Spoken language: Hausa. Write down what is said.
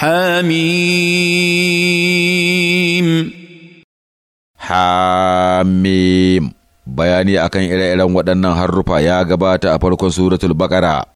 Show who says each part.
Speaker 1: حميم
Speaker 2: حميم bayani akan ire-iren waɗannan harrufa ya gabata
Speaker 3: a farkon suratul baƙara